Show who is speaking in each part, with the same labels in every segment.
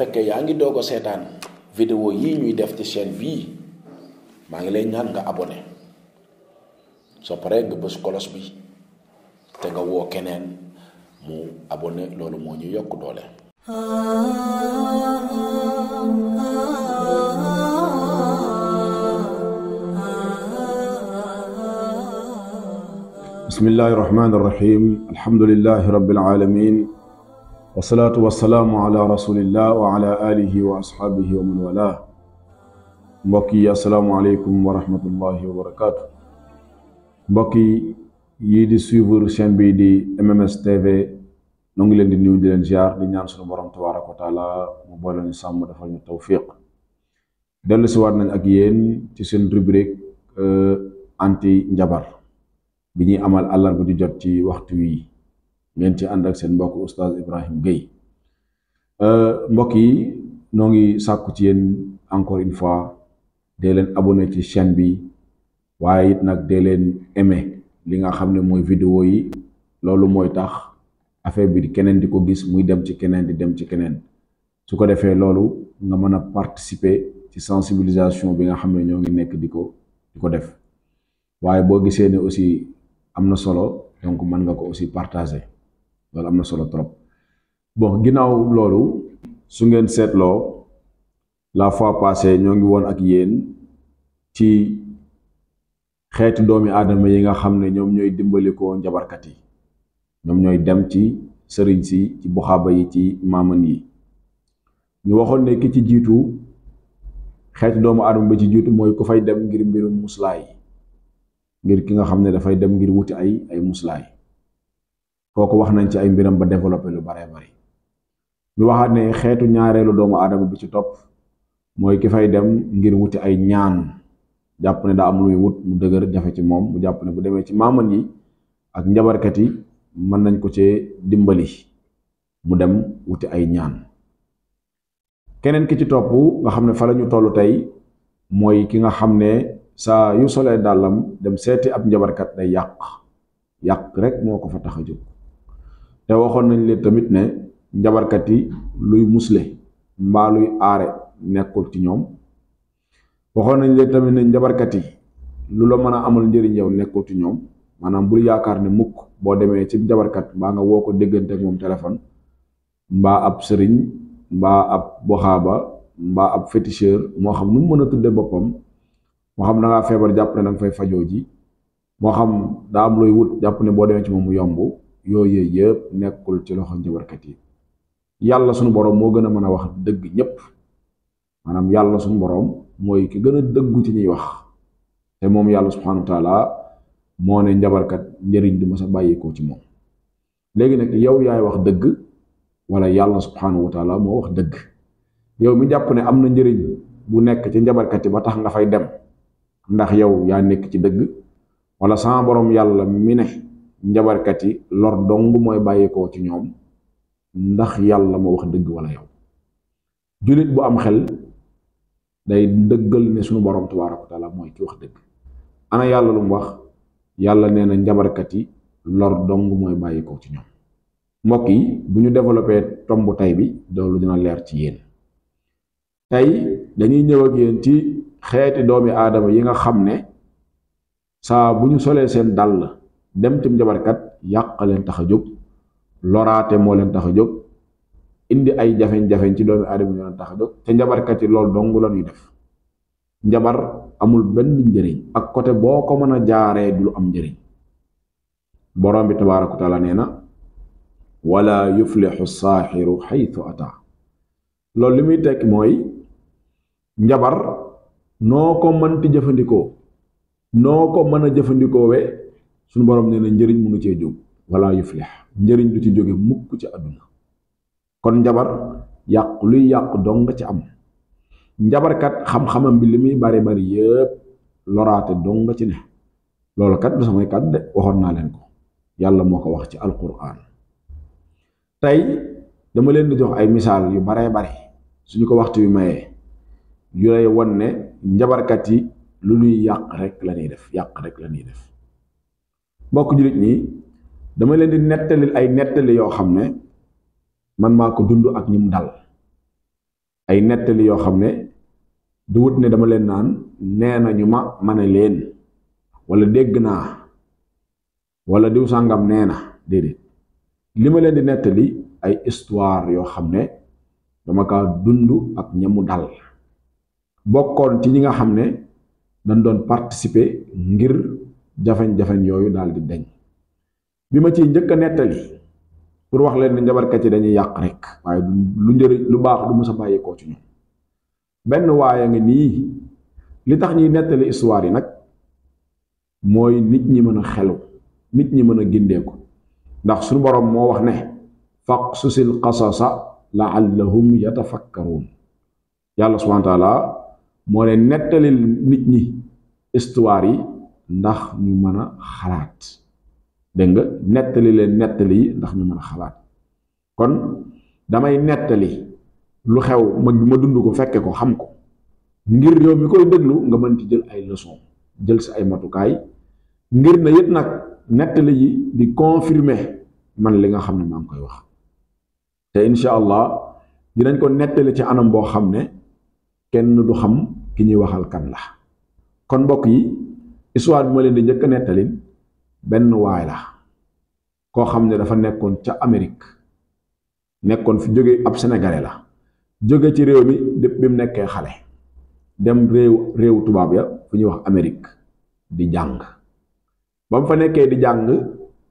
Speaker 1: fekke yaa ngi doog a seetaan vidéo yii ñuy def ci chaîne bii maa ngi lay ñaan nga abonné so pare nga bës kolos bi te nga woo keneen mu abonné loolu moo ñu yokk doole بسم الله الرحمن الرحيم الحمد لله رب العالمين والصلاة والسلaamu ala rasulillah wa ala alihi wa asxaabihi wa man walaa mbokk yi asalaamu aleykum wa rahmatullahi wa barakaatu mbokk yi di suivre chaîne bi di MMS TV nu ngi leen di nuyu di leen ziar di ñaan sunu borom tabaaraka wa taala mu boole ñu sàmm defal ñu tawfiq dellu si waat nañ ak yéen ci seen rubrique anti njabar bi ñuy amal àllarba di jot ci waxtu wi ngeen ci ànd ak seen mbokk oustaz Ibrahim Gueye euh, mbokk yi noo ngi sàkku ci yéen encore une fois dee leen abonné ci chaîne bi waaye it nag dee leen aimé li nga xam ne mooy vidéo yi loolu mooy tax affaire bi keneen di ko gis muy dem ci keneen di dem ci keneen su ko defee loolu nga mën a participer ci sensibilisation bi nga xam ne ñoo ngi nekk di ko di ko def waaye boo gisee ne aussi am na solo donc mën nga ko aussi partager loolu am na solo trop bon ginnaaw loolu su ngeen seetloo la fois passée ñoo ngi woon ak yéen ci xeetu doomi aadama yi nga xam ne ñoom ñooy dimbalikoo njabarkat yi ñoom ñooy dem ci sëriñ si ci buxaaba yi ci maaman yi ñu waxoon ne ki ci jiitu xeetu doomu aadama ba ci jiitu mooy ku fay dem ngir mbirum muslaay ngir ki nga xam ne dafay dem ngir wuti ay ay muslaay kooku wax nañ ci ay mbiram ba développé lu baree bari ñu waxaat ne xeetu ñaareelu doomu aadama bi ci topp mooy ki fay dem ngir wuti ay ñaan jàpp ne daa am luy wut mu dëgër jafe ci moom mu jàpp ne bu demee ci maaman yi ak njabarkat yi mën nañ ko cee dimbali mu dem wuti ay ñaan keneen ki ci topp nga xam ne fa la ñu toll tey mooy ki nga xam ne saa yu solee dàllam dem seeti ab njabarkat day yàq yàq rek moo ko fa tax a jóg te waxoon nañ leen tamit ne njabarkat yi luy musle mbaa luy aare nekkul ci ñoom waxoon nañ leen tamit ne njabarkat yi lu la mën a amal njëriñ yow nekkul ci ñoom maanaam bul yaakaar ne mukk boo demee ci njabarkat mbaa nga woo ko déggante ak moom téléphone mbaa ab sëriñ mbaa ab boxaaba mbaa ab féticheur moo xam nu mu mën a tudde boppam moo xam da feebar jàpp ne da fay fajoo ji moo xam daa am looy wut jàpp ne boo demee ci moom mu yomb yooyee yëpp nekkul ci loxo njabarkat yi yàlla sunu boroom moo gën a mën a wax dëgg ñépp maanaam yàlla sunu boroom mooy ki gën a dëggu ci ñuy wax te moom yàlla subhanahu wa moo njabarkat njëriñ du mës bàyyeekoo ci moom léegi nag yow yaay wax dëgg wala yàlla subhanahu wa taala moo wax dëgg yow mi jàpp ne am na njëriñ bu nekk ci njabarkat yi ba tax nga fay dem ndax yow yaa nekk ci dëgg wala sama boroom yàlla mi ne njabarkat yi lor dong mooy bàyyikoo ci ñoom ndax yàlla moo wax dëgg wala yow jullit bu am xel day dëggal ne suñu borom tabaaraka wa taala mooy ki wax dëgg ana yàlla lu mu wax yàlla nee na njabarkat yi lor dong mooy bàyyikoo ci ñoom mbokk yi bu ñu développé tomb tay bi loolu dina leer ci yéen tey dañuy ñëw yéen ci xeeti doomi aadama yi nga xam ne saa bu ñu solee seen dàll dem ci njabarkat yàq leen tax a jóg loraate moo leen tax a jóg indi ay jafeñ-jafeñ ci doomi aadama ñoo leen tax a jóg te njabarkat yi lool dong la ñuy def njabar amul benn njëriñ ak côté boo ko mën a jaaree du lu am njariñ borom bi tabaaraka wa nee na wala yuflixu saaxiru xaytu ata loolu li muy tekki mooy njabar noo ko mënti jëfandikoo noo ko mën a jëfandikoowee sunu borom neena na mu mënu cee jóg wala yuflih njëriñ du ci jóge mukk ci aduna kon njabar yàq luy yàq dong nga ci am kat xam-xamam bi li bari bari yépp dong ci ne loolu kat du samay kat de waxoon naa leen ko yàlla moo ko wax ci alquran tey dama leen di jox ay misaal yu bare bare suñu ko waxtu yu mayee yu lay won ne njabarkat yi lu ñuy yàq rek la def yàq rek la def mbokk jullit ñi dama leen di nettalil ay nettali yoo xam ne man maa ko dund ak ñim dal ay nettali yoo xam ne du wut ne dama leen naan nee nañu ma ma ne leen wala dégg naa wala diw sàngam nee na déedéet li ma leen di nettali ay histoire yoo xam ne dama kaa dund ak ñamu dal bokkoon ci ñi nga xam ne dañ doon participer ngir jafan jafan yoyu dal di deñ bima ci ñëk netali pour wax leen ne njabarkat yi dañuy yaq rek waye lu ñëri lu baax du mësa ko ci ñu benn waye nga ni li tax ñi netali histoire nak moy nit ñi mëna xelu nit ñi mëna gindé ko ndax suñu borom mo wax ne faqsusil qasasa laallahum yalla subhanahu wa taala mo le netali nit ñi histoire ndax ñu mën a xalaat dégg nga nettali leen nettali yi ndax ñu mën xalaat kon damay nettali lu xew ma ma dund ko fekke ko xam ko ngir yow mi koy déglu nga mën ci jël ay leçon jël ay matukaay ngir na yit nag nettali yi di confirmer man li nga xam ne maa ngi koy wax te insha allah dinañ ko nettali ci anam boo xam ne kenn du xam ki ñuy waxal kan la kon mbokk yi histoire bi ma leen di njëkk a nettali benn waay la koo xam ne dafa nekkoon ca Amérique nekkoon fi jóge ab sénégalais la jóge ci réew mi bi mu nekkee xale dem réew réew tubaab ya fu ñuy wax Amérique di jàng ba fa nekkee di jàng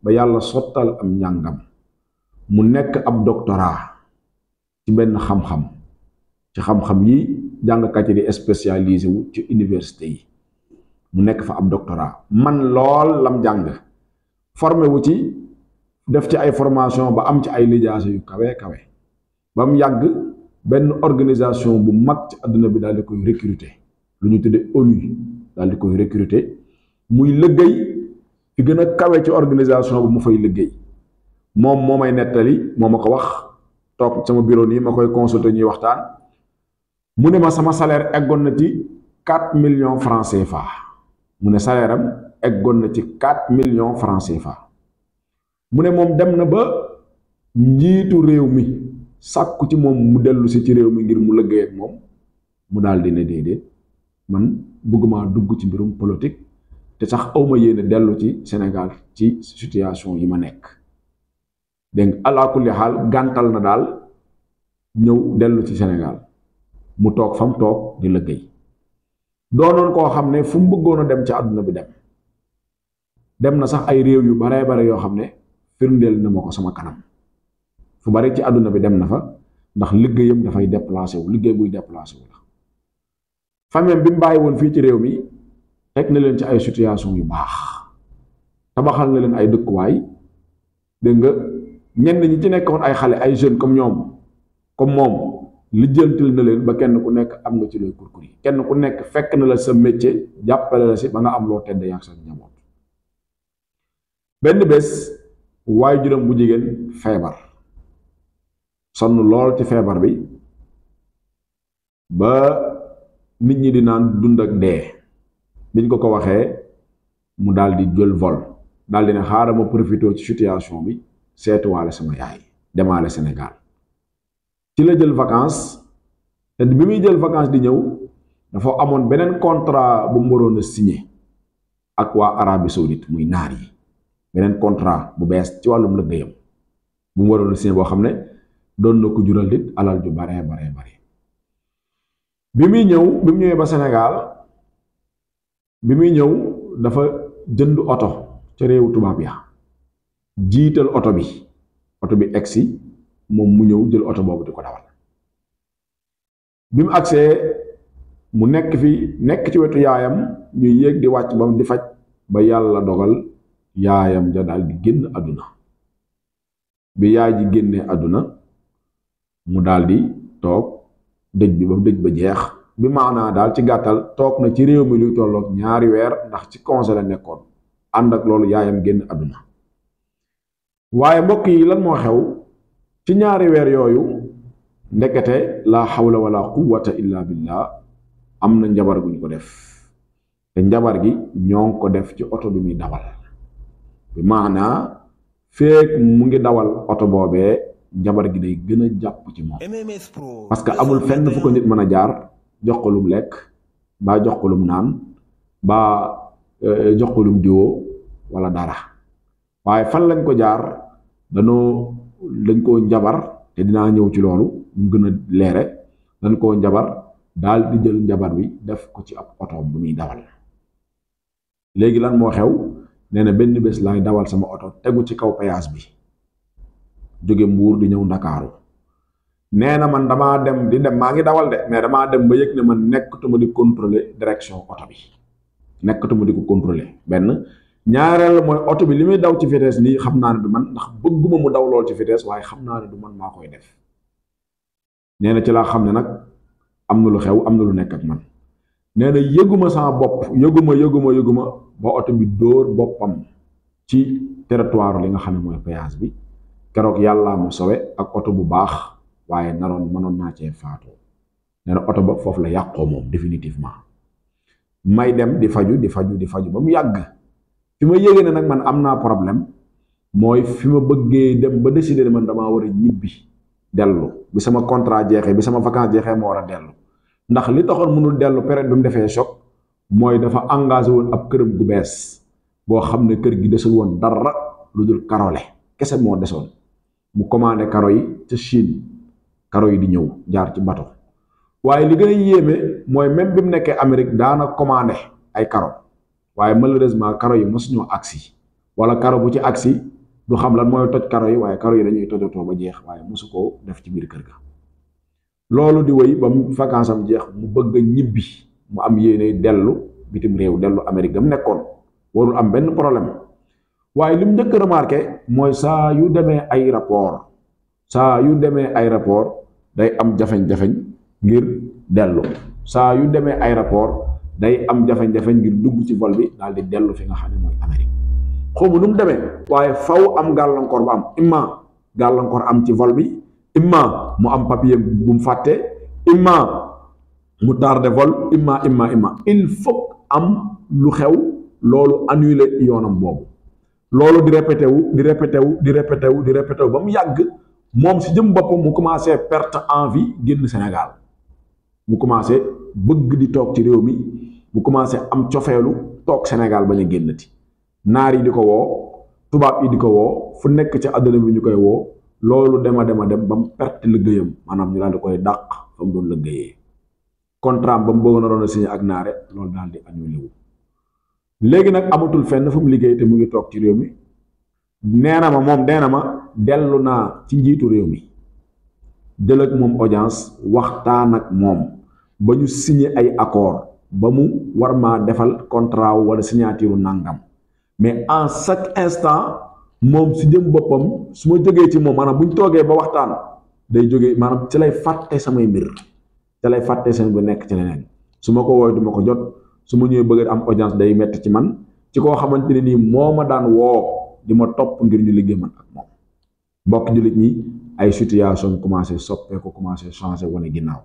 Speaker 1: ba yàlla sottal am njàngam mu nekk ab doctorat ci benn xam-xam ci xam-xam yi jàngkat yi di spécialisé wu ci université yi mu nekk fa ab doctorat man lool lam jàng formé wu ci def ci ay formation ba am ci ay lijaasa yu kawee kawe ba mu yàgg benn organisation bu mag ci àdduna bi daal di koy recruter lu ñu tuddee ONU daal di koy recruter muy liggéey fi gën a kawe ci organisation bu mu fay liggéey moom moo may nettali moo ma ko wax toog sama bureau nii ma koy consulter ñuy waxtaan mu ne ma sama salaire eggoon na ci quatre millions francs CFA mu ne salaire am eggoon na ci quatre million francs fa mu ne moom dem na ba njiitu réew mi sàkku ci moom mu dellusi ci réew mi ngir mu lëggéey ak moom mu dal di ne déedéet man bëgguma dugg ci mbirum politique te sax awma yéene dellu ci Sénégal ci situation yi ma nekk dégg nga alaa kulli xaal gàntal na daal ñëw dellu ci Sénégal mu toog fam toog di lëggéey doonoon koo xam ne fu mu bëggoon a dem ci àdduna bi dem dem na sax ay réew yu baree bare yoo xam ne firndeel na ma ko sama kanam fu bari ci àdduna bi dem na fa ndax liggéeyam dafay déplacé wu liggéey buy déplacé wu la famille bi mu bàyyi woon fii ci réew mi teg na leen ci ay situation yu baax tabaxal na leen ay dëkkuwaay dégg nga ñenn ñi ci nekkoon ay xale ay jeunes comme ñoom comme moom. lijjantil na leen ba kenn ku nekk am nga ci looy kurkur yi kenn ku nekk fekk na la sa métier jàppale la si ba nga am loo tedd yaa sa njaboot benn bés waaye juróom bu jigéen feebar sonn lool ci feebar bi ba nit ñi di naan dund ak dee biñ ko ko waxee mu daal di jël vol daal di ne xaaral ma profité ci situation bi seetuwaale sama yaay demaale Sénégal ci la jël vacance te bi muy jël vacance di ñëw dafa amoon beneen contrat bu mu waroon a signé ak waa Arabie Saoudite muy naar yi beneen contrat bu bees ci wàllum liggéeyam bu mu waroon a signé boo xam ne doon na ko jural dit alal ju bare bare bare bi muy ñëw bi mu ñëwee ba senegaal bi muy ñëw dafa jënd oto ca réewu tubaab ya jiital oto bi oto bi egsi moom mu ñëw jël oto boobu di ko dawal bi mu agsee mu nekk fi nekk ci wetu yaayam ñuy yéeg di wàcc ba di faj ba yàlla dogal yaayam ja daal di génn àdduna bi yaay ji génnee àdduna mu daldi toog dëj bi ba mu dëj ba jeex bi naa daal ci gàttal toog na ci réew mi luy tollook ñaari weer ndax ci conse la nekkoon ànd ak loolu yaayam génn àdduna waaye mbokk yi lan moo xew ci ñaari weer yooyu ndekete laa xawla wala quwwata illa billah am na njabar guñ ko def te njabar gi ñoo ngi ko def ci oto bi muy dawal bi maanaa feek mu ngi dawal oto boobee njabar gi day gën a jàpp ci moom parce que amul fenn fu ko nit mën a jaar jox ko lekk baa jox ko naan ba jox ko lum euh, diwoo dara waaye fan lañ ko jaar danoo dañ koo njabar te dinaa ñëw ci loolu mu gën a leere dañ koo njabar daal di jël njabar bi def ko ci ab oto bu muy dawal léegi lan moo xew nee na benn bés laay dawal sama oto tegu ci kaw péage bi jóge mbuur di ñëw ndakaaru nee na man damaa dem di dem maa ngi dawal de mais damaa dem ba yëg ne ma nekkatuma di contrôler direction oto bi nekkatuma di ko contrôler benn ñaaral moy auto bi limi daw ci vitesse ni xamna ni du man ndax bëgguma mu daw lol ci vitesse waye xamna ni du man makoy def neena ci la xamne nak amna lu xew amna lu nekk ak man neena yeguma sa bop yeguma yeguma yeguma ba auto bi door bopam ci territoire li nga xamne moy péage bi kérok yalla mu sowé ak auto bu baax waye naron mënoon na ci neena auto ba fofu la mom définitivement may dem di faju di faju di faju yagg fi ma yéegee ne man amna problème moy fi ma bëggee dem ba décider man dama wara ñibbi delu bi sama contrat jexé bi sama vacances jexé mo wara delu ndax li taxone mënul delu période bi défé choc moy dafa engagé won ab kërëm gu bees bo xamné kër gi déssul won dara carolé karole kese déssol mu commandé caro yi ci Chine caro yi di ñëw jaar ci bateau waye li gëna yéme moy même bimu nekké Amérique daana commandé ay karo waaye malheureusement karo yi mosuñoo agsi wala karo bu ci agsi du xam lan mooy toj karo yi waaye karo yi dañuy tojotoo ba jeex waaye mosu def ci biir kër ga loolu di wéy ba mu vacance jeex mu bëgg a ñibbi mu am yéene dellu bitim réew dellu Amérique gam nekkoon warul am benn problème waaye li mu njëkk a remarqué mooy saa yu demee ay aéroport saa yu demee ay rapport day am jafeñ-jafeñ ngir dellu saa yu demee ay aéroport day am jafagne ngir dugg ci vol bi dal di delu fi nga nous amerique Amérique faut faw am am imma am ci vol bi imma mu am papier bu mu imma mu tardé vol imma il faut am lu xew lolu annuler Il lolu di répété di répété di répété di répété wu si jëm bopam mu commencé perte envie Sénégal mu commencé bëgg di toog ci bu commencé am cofeelu toog Sénégal bañ a génnati naar yi di ko woo tubaab yi di ko woo fu nekk ci àdduna bi ñu koy woo loolu dema dema dem ba mu perte liggéeyam maanaam ñu daal di koy dàq fa mu doon liggéeyee contrat ba mu bëggoon a doon signé ak naare loolu daal di annulé wu léegi nag amatul fenn fu mu liggéey te mu ngi toog ci réew mi nee na ma moom nee na ma dellu naa ci njiitu réew mi jël moom audience waxtaan ak moom ba ñu signé ay accord bamu warma defal contrat wala signature nangam mais en chaque instant mom si dem bopam suma joge ci mom manam buñ toge ba waxtan day joge manam ci lay faté samay mbir ci lay faté sen bu nek ci lenen suma ko woy duma ko jot suma ma bëgg am audience day met ci man ci ko xamanteni ni moma daan wo di ma top ngir ñu liggé man ak mom mbokk julit ñi ay situation commencé ko commencé changer wane ginnaw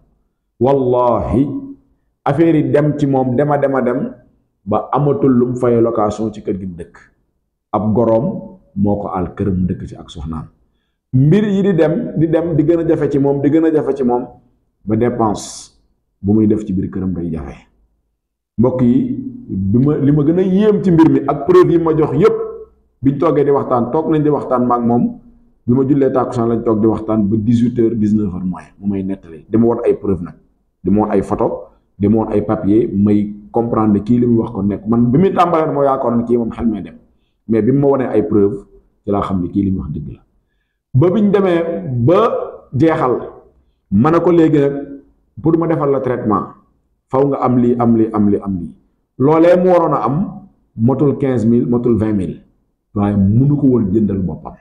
Speaker 1: wallahi affaire yi dem ci moom dema dema dem ba amatul lu mu fay location ci kër gi mu dëkk ab goroom moo ko àll këram mu dëkk ci ak soxnaam mbir yi di dem di dem di gën a jafe ci moom di gën a jafe ci moom ba dépense bu muy def ci biir këram day jafe mbokk yi bi ma li ma gën a yéem ci mbir mi ak preuve yi ma jox yépp biñ toogee di waxtaan toog nañ di waxtaan maak moom bi ma jullee tàkkusaan lañ toog di waxtaan ba dix-huit heures dix-neuf heures mooy mu may nettali dama war ay preuve nag dama war ay photo demoon ay papier may comprendre kii li muy wax ko nekk man bi muy tàmbalee moo yaakaaroon ne kii moom may dem mais bi ma wanee ay preuve ci laa xam ne kii li muy wax dëgg la ba biñ demee ba jeexal ma ne ko pour ma defal la traitement faw nga am lii am lii am lii am am motul quinze mil, motul vingt mil, waaye munu ko woon jëndal boppam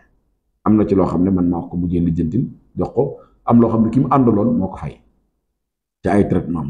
Speaker 1: am na ci loo ne man maa ko mujjee lijjantil jox ko am andolon xam ne ki mu fay ci ay traitement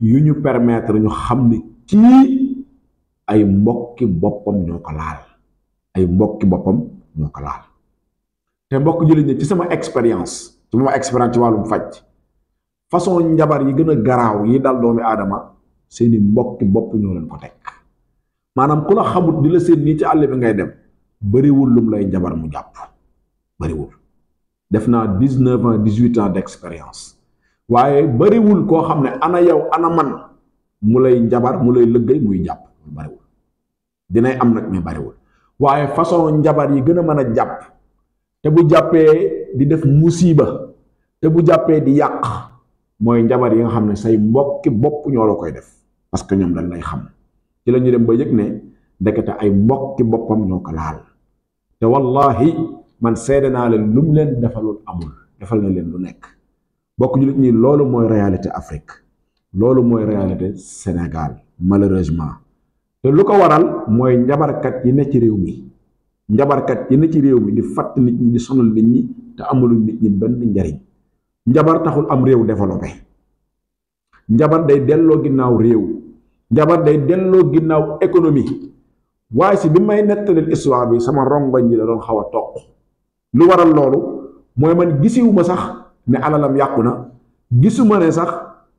Speaker 1: yu ñu permettre ñu xam ni ci ay mbokki boppam ñoo ko laal ay mbokki boppam ñoo ko laal te mbokk jullit ci sama expérience ci ma expérience ci wàllum faj façon njabar yi gën a garaaw yi dal doomi aadama seeni mbokki bopp ñoo leen ko teg maanaam ku la xamut di la seen nii ci àll bi ngay dem bariwul lum lay njabar mu jàpp bariwul def naa dix-neuf ans dix-huit ans d'expérience waaye bariwul koo xam ne ana yow ana man mu lay njabar mu lay lëggay muy jàpp bariwul dinay am nag mais bariwul waaye façon njabar yi gën a mën a jàpp te bu jàppee di def musiba te bu jàppee di yàq mooy njabar yi nga xam ne say mbokki bopp ñoo la koy def parce que ñoom dañ lay xam ci la ñu dem ba yëg ne ndekete ay mbokki boppam ñoo ko laal te wallahi man seede naa leen lu leen defalul amul defal na leen lu nekk bokku julit ni lolu moy réalité Afrique lolu moy réalité Sénégal malheureusement té lu waral waral njabar kat yi ne ci réew mi kat yi ne ci réew di fat nit ñi di sonal nit ñi té amul nit ñi benn njariñ njabar taxul am réew développé njabar day dello ginnaw réew njabar day dello ginnaw économie way si bi may netal histoire bi sama rombañ yi da doon xawa tok lu waral lolu moy man gisiwuma sax ne alalam yàqu na gisuma ne sax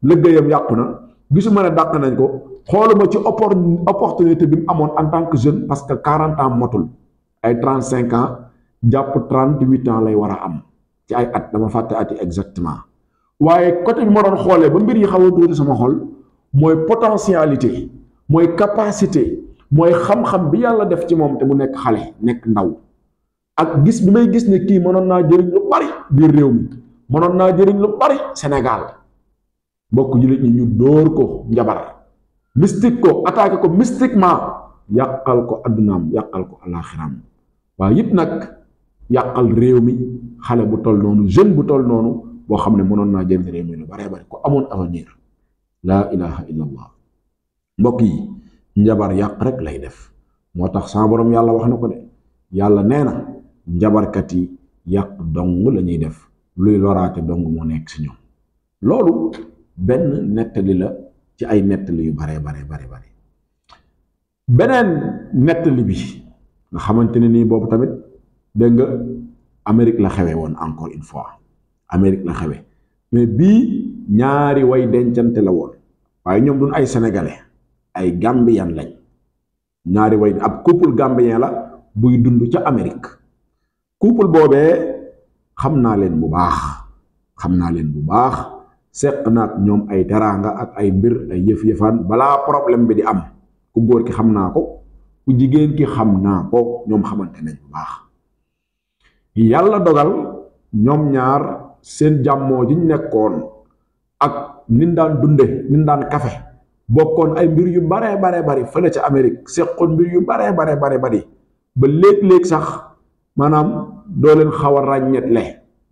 Speaker 1: liggéeyam yàqu na gisuma ne dàq nañ ko xooluma ci oppor opportunité bi mu amoon en tant que jeune parce que quarante ans motul ay trente cinq ans jàpp trente huit ans lay war a am ci ay at dama fàtte at yi exactement waaye côté bi ma doon xoolee ba mbir yi xaw a tuuti sama xol mooy potentialité mooy capacité mooy xam-xam bi yàlla def ci moom te mu nekk xale nekk ndaw ak gis bi may gis ne kii mënoon naa jëriñ lu bari biir réew mi mënoon naa jëriñ lu bari Sénégal mbokk jullit ñi ñu dóor ko njabar mystique ko attaqué ko mystiquement yàqal ko addunaam yàqal ko alaxiraam waaye it nag yàqal réew mi xale bu toll noonu jeune bu toll noonu boo xam ne mënoon naa jëriñ réew mi lu baree bari ko amoon avenir laa ilaha illa mbokk yi njabar yàq rek lay def moo tax sama borom yàlla wax na ko de yàlla nee na njabarkat yi yàq dong la ñuy def luy loraate dong moo nekk si ñoom loolu benn nettali la ci ay nettali yu bare bare bare bare beneen nettali bi nga xamante ne nii boobu tamit dégg nga la xewe woon encore une fois Amérique la xewe mais bii ñaari way dencante la woon waaye ñoom duñ ay sénégalais ay gambien lañ ñaari way ab couple gambien la buy dund ca Amérique couple boobee xam naa leen bu baax xam naa leen bu baax seq naag ñoom ay teraanga ak ay mbir ay yëf-yëfaan balaa problème bi di am ku góor ki xam naa ko ku jigéen ki xam naa ko ñoom xamante nañ bu baax yàlla dogal ñoom ñaar seen jàmmoo ji nekkoon ak nin daan dunde nin daan kafe bokkoon ay mbir yu baree baree bari fële ca Amérique seqoon mbir yu baree baree bari bari ba léeg-léeg sax maanaam doo leen xaw a ràññetle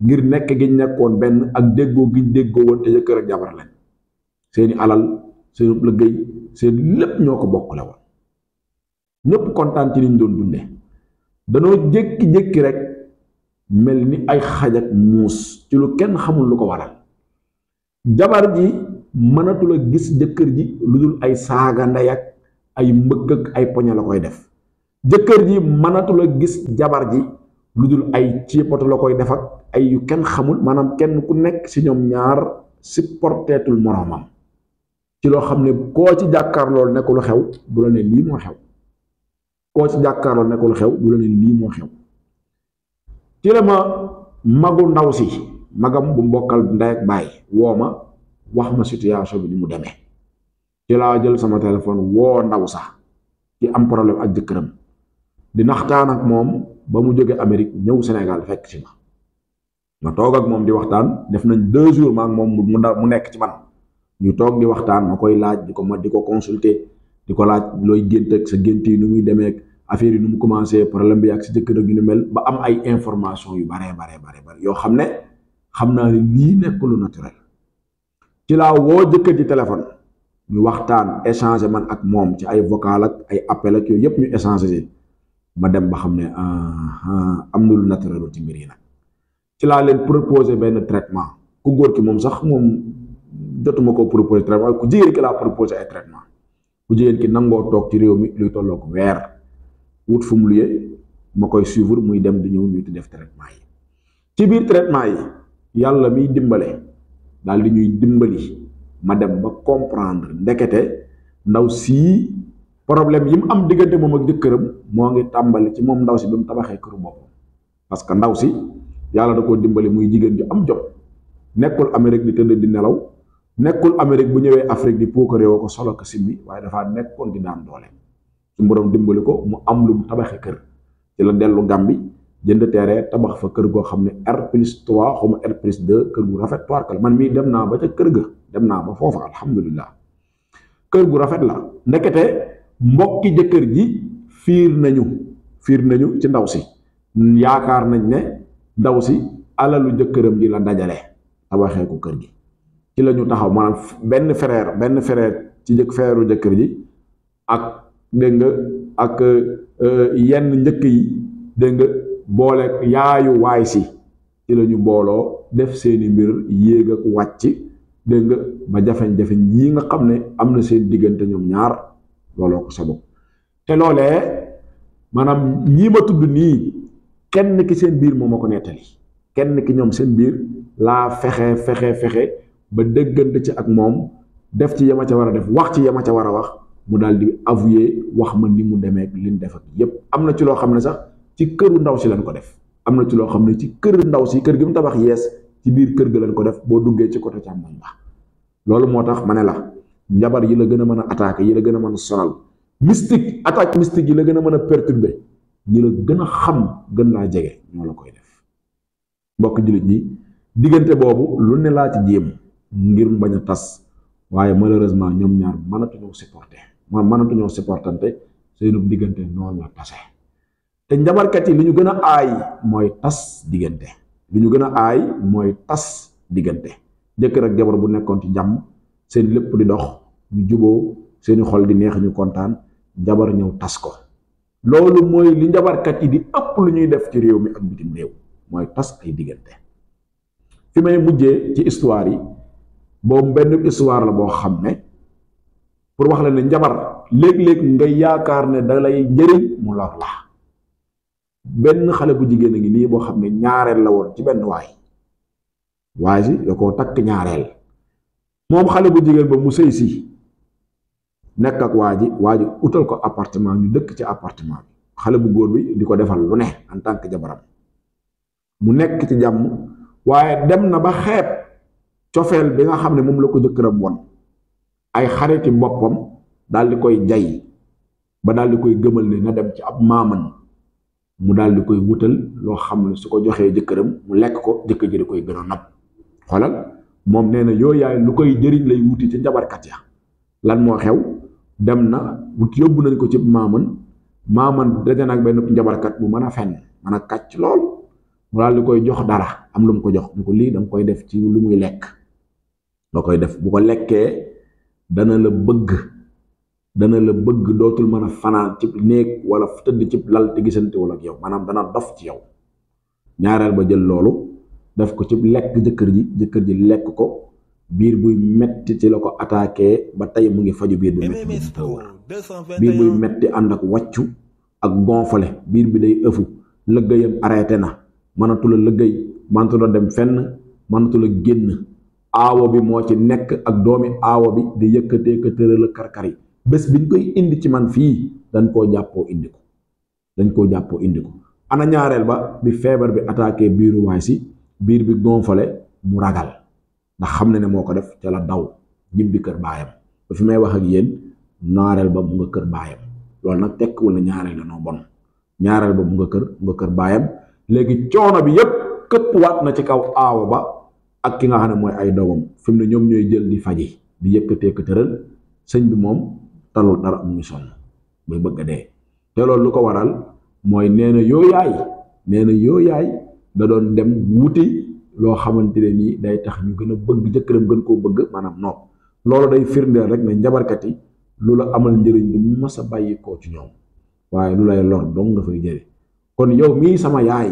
Speaker 1: ngir nekk gi nekkoon benn ak déggoo gi déggoo woon te jëkkër ak jabar seeni alal seen liggéey seen lépp ñoo ko bokkule woon ñëpp kontaan ci liñ doon dunde danoo jékki-jékki rek mel ni ay xaj ak ci lu kenn xamul lu ko waral jabar ji mënatul a gis jëkkër ji lu dul ay saaga ndey ak ay mbëkk ak ay poñe la koy def jëkkër ji mënatul a gis jabar ji ludul ay ciépatu la koy def ak ay yu kenn xamul manam kenn ku nek ci ñom ñaar portetul moromam ci lo xamne ko ci jakar lol nek lu xew bu la ne li mo xew ko ci lol nek lu xew bu la ne li mo xew ci la ma magu ndaw si magam bu mbokal nday ak bay woma ma wax ma situation bi ni mu demé ci la jël sama téléphone wo ndaw sa ci am problème ak jëkkëram di naxtaan ak moom ba mu jógee Amérique ñëw Sénégal fekk ci ma ma toog ak moom di waxtaan def nañ deux jours ma ak moom mu nekk ci man ñu toog di waxtaan ma koy laaj di ko ma di ko consulter di ko laaj looy gént ak sa gént yi nu muy demee affaire yi nu mu commencé problème bi ak si jëkkër ak yu ni mel ba am ay information yu bare baree bare bare yoo xam ne xam naa ne lii nekk lu naturel ci laa woo jëkkër ji téléphone ñu waxtaan échanger man ak moom ci ay vocal ay appel yooyu yëpp ñu échanger ma dem ba xam ne ah, ah, am na lu ci mbir yi nag ci laa leen proposé benn traitement ku góor ki moom sax moom jotuma ko proposé ku jigéen ki laa proposé ay traitement ku jigéen ki nangoo toog ci réew mi luy tolloo ko weer wut fu mu ma koy suivre muy dem di ñëw ñuy di def traitement yi ci biir traitement yi yàlla miy dimbale daal di ñuy dimbali ma dem ba comprendre ndekete ndaw sii problème yim am digënté mom ak jëkkëram mo ngi tàmbali ci mom ndaw si bimu tabaxé tabaxee këru boppam parce que ndaw ci yalla da ko dimbali muy jigéen di am jom nekkul Amérique di teund di nelaw nekkul Amérique bu ñëwé Afrique di puukare woo ko solo ko simbi waye dafa nekkon di daan doole su borom dimbali ko mu am lu tabaxé kër ci la dellu Gàmbi jënd téré tabax fa kër go xamné ne R plus 3 xaw R plus 2 kër bu rafet parkal man mi dem na ba ca kër ga dem na ba fofu alhamdullilah kër gu rafet la nekete mbokki jëkkër ji fiir nañu fiir nañu ci ndaw si yaakaar nañ ne ndaw si alalu jëkkëram ji la dajale tabaxee ko kër gi ci lañu taxaw maanaam benn frère benn frère ci jëkk frère jëkkër ji ak dégg nga ak euh, yenn njëkk yi dégg nga boole yaayu waay si ci lañu booloo def seeni mbir yéeg ak wàcc dégg nga ba jafeñ-jafeñ yi nga xam ne am na seen diggante ñoom ñaar lolo ko sabo te loolee manam ñi ma tudd ni kenn ki seen biir momako netali kenn ki ñom seen biir la fexé fexé fexé ba deggënd ci ak mom def ci yama ci wara def wax ci yama ci wara wax mu daldi di avouer wax ma ni mu ak liñ def ak yépp amna ci lo xamné sax ci kër ndaw ci lañ ko def amna ci lo xamné ci kër ndaw ci kër gi mu tabax yes ci biir kër ga lañ ko def bo duggé ci côté ba lolu motax manela njabar yi la gën a mën a attaque yi la gën a mën a sonal mystique attaque mystique yi la gën a mën a perturbé ñi la gën a xam gën laa jege ñoo la koy def mbokk jullit yi diggante boobu lu ne laa ci jéem ngir bañ a tas waaye malheureusement ñoom ñaar mënatuñoo supporter man mënatuñoo supportante seenu diggante noonu la tase te njabarkat yi li ñu gën a aay mooy tas diggante lu ñu gën a aay mooy tas diggante jëkkër ak jabar bu nekkoon ci jàmm seen lépp di dox ñu juboo seeni xol di neex ñu kontaan jabar ñëw tas ko loolu mooy li njabarkat yi di ëpp lu ñuy def ci réew mi ak bitim néew mooy tas ay diggante fi may mujjee ci histoire yi boobu benn histoire la boo xam ne pour wax la ne njabar léeg-léeg nga yaakaar ne da lay njëriñ mu lor la benn xale bu jigéen a ngi nii boo xam ne ñaareel la woon ci benn waay waaye si da koo takk ñaareel moom xale bu jigéen ba mu sëy si nekk ak waa ji waa ji utal ko appartement ñu dëkk ci appartement bi xale bu góor bi di ko defal lu ne en tant que jabaram mu nekk ci jàmm waaye dem na ba xeeb cofeel bi nga xam ne moom la ko jëkkëram won ay xariti boppam daal di koy jay ba daal di koy gëmal ne na dem ci ab maaman mu daal di koy wutal loo xam ne su ko joxee jëkkëram mu lekk ko jëkkër ji di koy gën a nab xoolal mom neena na yaay lu koy jëriñ lay wuti ci kat ya lan mo xew dem na wut yobbu nañ ko ci maaman maaman daje ben jabar kat bu mën fenn mën katch lol lool mu daal di jox dara am lu mu ko jox ni ko lii koy def ci lu muy lek nga def bu ko lekke dana la bëgg dana la bëgg dootul mana fana cip ci néeg wala tëdd ci lal te gisante wala ak yow manam dana dof ci yow ñaaral ba jël loolu def ko ci lekk jëkkër ji jëkkër ji lekk ko biir buy metti ci la ko attaqué ba tey mu ngi faju biir bu metti biir buy metti ànd ak wàccu ak gonfale biir bi day ëfu lëggéeyam arrêté na mënatula lëggéey mënatula dem fenn mënatula génn aawo bi moo ci nekk ak doomi aawo bi di yëkkatee ka tëral a karkari bés biñ koy indi ci man fii dañ koo jàppoo indi ko dañ koo jàppoo indi ko ana ñaareel ba bi feebar bi attaqué biiru waay si biir bi gonfale mu ragal ndax xam na ne moo ko def ca la daw ñibbi kër baayam ba fi may wax ak yéen naareel ba mu nga kër baayam loolu nag tekkiwul na ñaareel danoo bon ñaareel ba mu nga kër mu kër baayam léegi coono bi yëpp këpp waat na ci kaw aawa ba ak ki nga xam ne mooy ay doomam fi mu ne ñoom ñooy jël di faji di yëkkatee ko tëral sëñ bi moom talul dara mu ngi sonn bay bëgg a dee te loolu lu ko waral mooy nee na yoo nee na yoo yaay da doon dem wuti lo xamantene ni day tax ñu gëna bëgg mana gën loh bëgg manam no loolu day firndeel rek ne njabarkat yi lu la amal njëriñ du mas a bàyyi koo ci ñoom waaye lu lay lor dong nga fay jëri kon yow mi sama yaay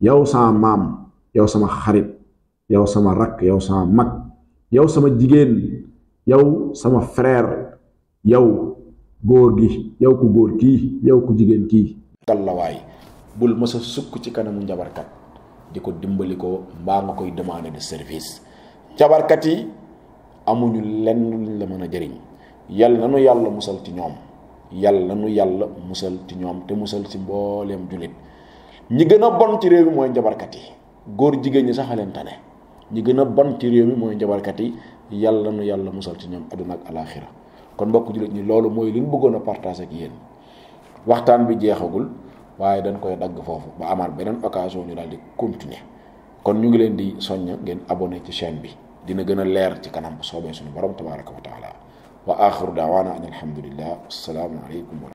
Speaker 1: yow sama mam, yow sama xarit yow sama rak yow sama mag yow sama jigéen yow sama frère yow góor gi yow ku góor kii yow ku jigéen kii. gàllawaay bul mës a sukk ci kanamu njabarkat. di ko dimbali ko mbaa nga koy demander de service cabarkat yi amuñu lenn luñ la mën a jëriñ yàlla nanu yàlla musal ci ñoom yàlla nanu yàlla musal ci ñoom te musal si mbooleem julit ñi gën a bon ci réew mi mooy njabarkat yi góor jigéen ñi sax a leen tane ñi gën a bon ci réew mi mooy njabarkat yi yàlla nu yàlla musal ci ñoom àdduna ak alaaxira kon mbokk jullit ñi loolu mooy li ñu bëggoon a partage ak yéen waxtaan bi jeexagul waaye dañ koy dagg foofu ba amaal beneen occasion ñu daal di continuer kon ñu ngi leen di soññ ngeen abonné ci chaîne bi dina gën a leer ci kanam bu soobee suñu borom tabaraka wa taala wa axiru daawaana an alhamdulillah assalaamu aleykum